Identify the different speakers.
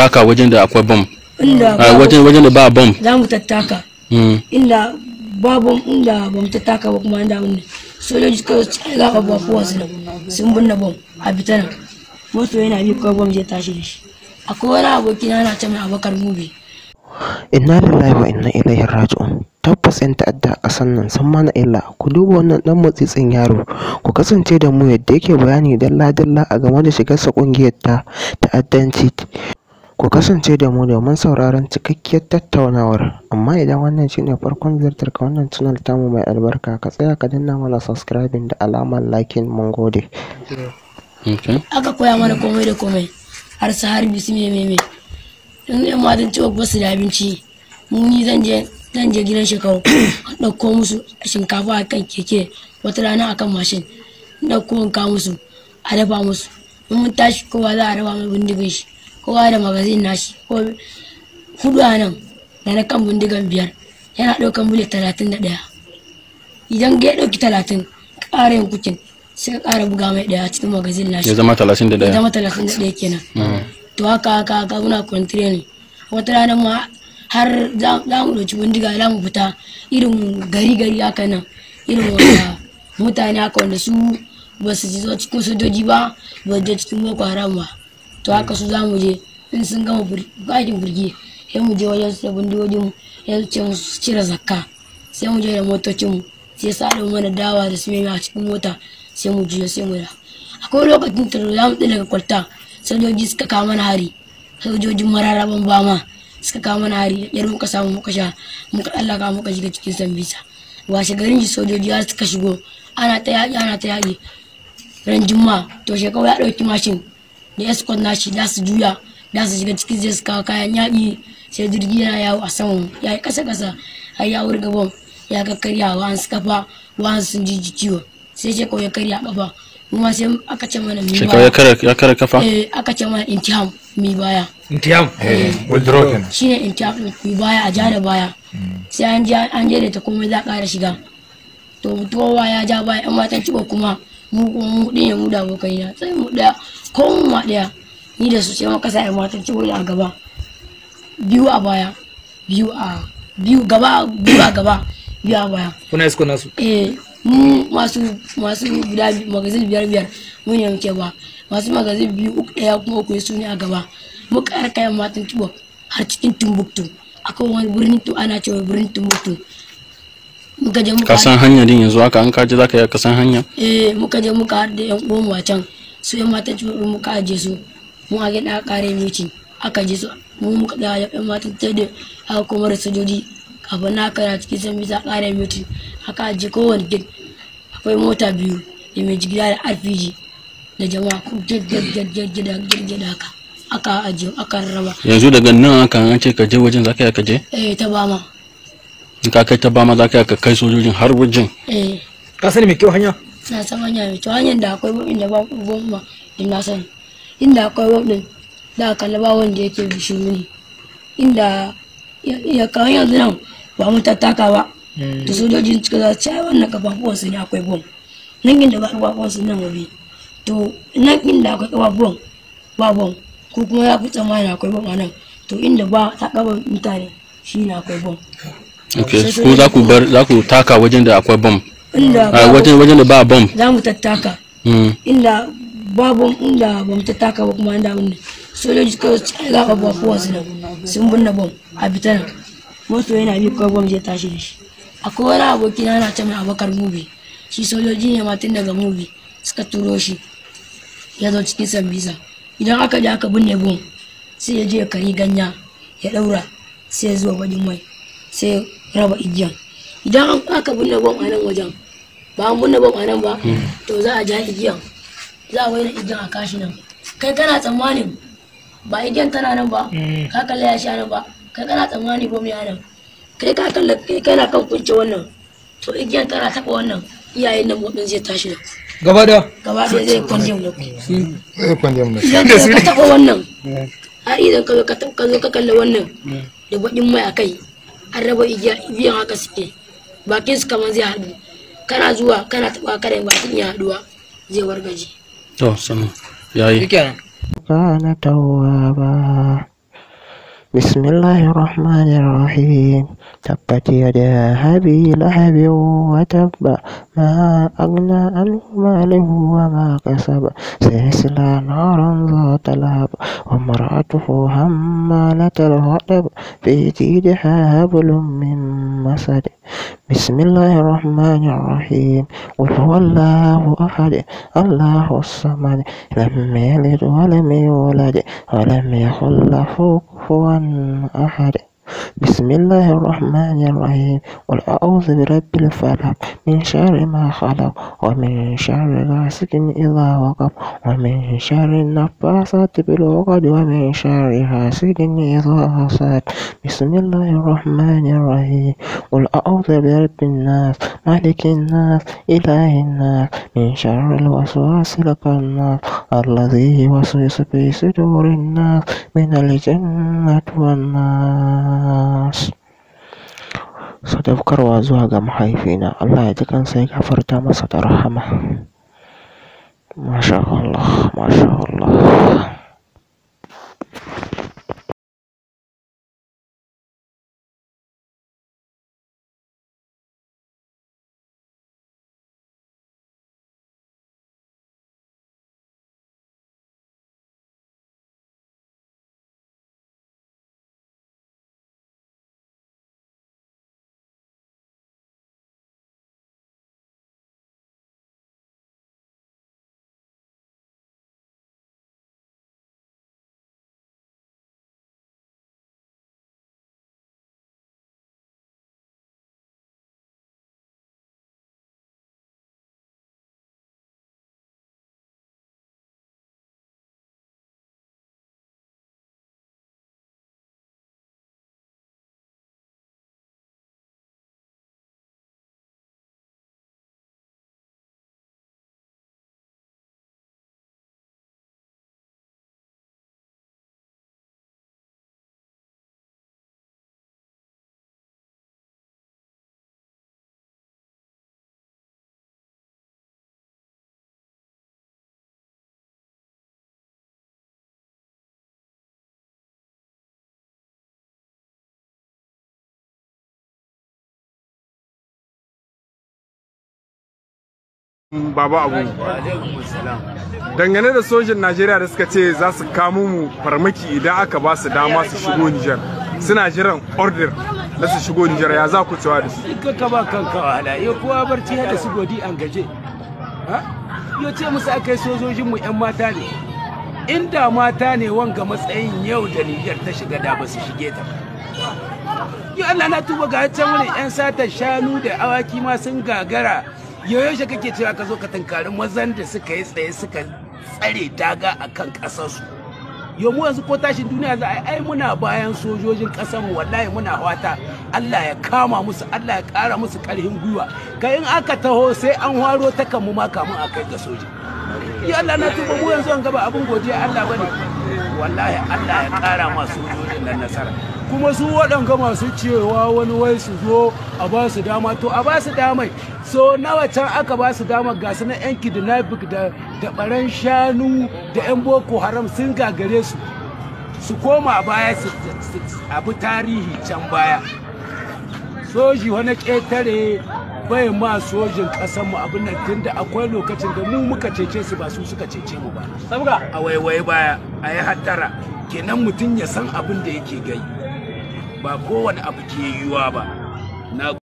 Speaker 1: tattaka wajen da akwai ah, bam wajen wajen da ba bom
Speaker 2: za mu tattaka hmm. inda ba bom inda ba mu tattaka ba kuma inda wani sojoji suka gaba ba kowa su sun binne bom a bitana moto yana bi kawai bom zai tashi da shi akwai wani aboki na ana cewa abakar mubi
Speaker 3: inna lillahi wa inna ilaihi raji'un tabbas yan ta'adda a sannan san sun mana illa ku duba wannan dan matsitsin yaro ku kasance da mu yadda yake bayani dalla dalla a game da shigarsa kungiyar ta ta'addanci Ku kasance da mu domin sauraron cikakkiyar tattaunawar, amma idan wannan shi ne farkon ka wannan channel tamu mai albarka ka tsaya ka danna mana subscribing da alamar lakin mun
Speaker 2: Aka koya mana komai da komai har su harbi su meme in ma matan ci ba su da abinci mun yi zan je gidan shekau an ɗauko musu shinkafa a kan keke wata rana a kan mashin an ɗauko wanka musu a dafa musu in mun tashi kowa za a raba mai bindigin shi kowa da magazin nashi ko hudu a nan da na kan bindigan biyar yana ɗaukan bullet talatin da ɗaya idan ya ɗauki talatin ƙara yin kukin sai ƙara buga mai ɗaya cikin magazin nashi ya zama talatin da ɗaya ya zama talatin da ɗaya kenan hmm. to haka haka haka muna kwantire ne wata rana ma har za mu ɗauki bindiga za mu fita irin gari gari haka nan irin mutane haka wanda su ba su ji cikin sojoji ba ba su je cikin boko haram ba to haka su zamu je in sun gama bakin birgi sai mu je wajen su da bindigogin ya ce su cire zakka sai mu je da motocinmu sai salo mana dawa da su a cikin mota sai mu juya sai mu da akwai lokacin da za mu daga kwalta sojoji suka kawo mana hari sojojin mararaban ma suka kawo mana hari yar muka samu muka sha muka laka muka shiga cikin sambisa washe garin ji sojoji har suka shigo ana ta yaƙi ana ta yaƙi ran juma to shekau ya ɗauki mashin da escort nashi da su juya da su shiga cikin zai suka kayan yaƙi sai jirgi yana yawo a saman ya yi ƙasa ƙasa har ya wurga bom ya kakkarya wa an su kafa wa an sun ji ciwo sai ce kawai karya kafa kuma sai aka ce mana mi baya shekau
Speaker 3: ya kare kafa eh
Speaker 2: aka ce mana intiham mi baya
Speaker 1: intiham eh. eh withdraw kenan
Speaker 2: shine intiham mi baya a ja baya hmm. sai an je an je da ta komai za a ƙara shiga to mutuwa ya ja baya yan matan ciwo kuma mu mu ɗaya mu abokai na sai mu ɗaya ko mu ma ɗaya ni da su ce ma kasa ƴan matan ci a gaba biyu a baya biyu a biyu gaba biyu a gaba biyu a baya kuna isko nasu eh mu masu masu guda magazin biyar biyar mu ne muke ba masu magazin biyu uku ɗaya kuma uku su ne a gaba muka yar kayan matan ciwo har cikin tumbuktu akwai wani birnin tu ana cewa birnin tumbuktu muka je muka ka san
Speaker 1: hanya din yanzu haka an kaji zaka yi ka san hanya
Speaker 2: eh muka je muka da yan uwan wacan su yan mata ci mu muka aje su mu a gida kare mici aka je su mu muka da yan mata ta da aka kuma da sojoji kafin na kara cikin san bisa kare mici aka aje kowane gid akwai mota biyu da mai jigila da rpg da jama'a eh, ma.
Speaker 1: in ka kai ta ba ma za ka kai sojojin har wajen eh. ka sani mai kyau hanya
Speaker 2: na san hanya mai kyau hanyar da akwai wani da ba goma din na sani inda akwai wani da aka laba wanda yake bishi mini inda ya kawo yanzu nan ba mu tattaka ba
Speaker 3: hmm. da sojojin
Speaker 2: cika za ci ai wannan kafafuwan su ne akwai bom nan inda ba kafafuwansu nan wabi to nan inda akwai kafafuwan ba bom ko kuma ya fi tsammani akwai bom a nan to inda ba ta kaba mutane shi ne akwai bom
Speaker 3: ok ko za
Speaker 2: ku
Speaker 1: bar za ku taka wajen da akwai bom wajen wajen da ba bom
Speaker 2: za mu tattaka hmm. inda babu inda ba mu tattaka ba kuma inda mun sojoji kawai cikin gaba ba kowa su nan sun binne bom a bitar moto yana bi kawai bom zai tashi da shi akwai wani aboki na ana ce mai abakar mubi shi sojoji ne ma tun daga mubi suka turo shi ya zo cikin sambisa idan aka je aka binne bom sai ya je ya kari ganya ya daura sai ya zuwa bajin mai sai raba igiyan idan aka binne bom a nan wajen ba an binne bom a nan ba hmm. to za a ja igiyan za a waina igiyan a kashi nan kai kana tsammanin ba igiyan tana nan ba hmm. ka kalla ya sha nan ba kai kana tsammanin bom ya nan kai ka kalla kai kana kan kunce wannan to igiyan tana taba wannan iyayen nan bom zai tashi nan
Speaker 3: gaba da gaba da zai kwanje mu zai kwanje mu idan ka taba wannan hmm.
Speaker 2: har idan ka zo ka kalla wannan da bakin mai akai an raba igiyan haka suke bakin su kamar zai haɗu kana zuwa kana taɓa karen bakin ya haɗuwa zai
Speaker 3: wargaje to sama yayi kana tawa ba بسم الله الرحمن الرحيم تبت يدا أبي لهب وتب ما أغنى عنه ماله وما كسب سيصلى نارا ذات لهب وامرأته همالة الحطب في جيدها هبل من مسد بسم الله الرحمن الرحيم قل هو الله أحد الله الصمد لم يلد ولم يولد ولم يخلف kowane Ahad. بسم الله الرحمن الرحيم قل أعوذ برب الفلق من شر ما خلق ومن شر غاسق إذا وقب ومن شر النفاثات بالعقد ومن شر غاسق إذا حسد بسم الله الرحمن الرحيم قل أعوذ برب الناس ملك الناس إله الناس من شر الوسواس الخناس الذي يوسوس في صدور الناس من الجنة والنار sadaukarwa zuwa ga mahaifina. Allah ya ji kansa ya gafarta masa da rahama. Masha Allah, Masha Allah.
Speaker 1: Baba Abu. Dangane da sojin Najeriya da suka ce za su kamo mu farmaki idan aka ba su dama su shigo Nijar. Suna jiran order na su shigo Nijar ya za ku cewa da su. ka ba kanka wahala, ya kuwa barci da su godi an gaje. Ya ce musu aka yi sojojin mu 'yan mata ne. Inda mata ne wanga matsayin yau da Nijar ta shiga da ba su shige ta. Yo Allah na tuba ga can wani 'yan satar shanu da awaki ma sun gagara yaushe kake cewa ka zo ka tunkari mazan da suka yi tsaye suka tsare daga akan kan ƙasarsu yau mu yanzu ko tashin duniya za a ai muna bayan sojojin ƙasar mu wallahi muna hwata Allah ya kama musu Allah ya ƙara musu ƙarfin gwiwa ka in aka taho sai an haro ta kan mu ma kamun a kai ga soji ya Allah na tuba mu yanzu an gaba abin godiya Allah bane wallahi Allah ya ƙara ma sojoji wa'annan nasara kuma su waɗanga masu cewa wani wai su zo a ba su dama to a ba su dama so nawa can aka ba su dama ga su na yan kidnapping da da baran shanu da yan boko haram sun gagare su su koma baya su abu tarihi can baya soji wani ƙetare bai ma sojin ƙasar mu abin nan tunda akwai lokacin da mu muka cece su ba su suka cece mu ba a waiwaye baya a yi hattara kenan mutum ya san abin da yake gai ba kowane abu ke yiwuwa ba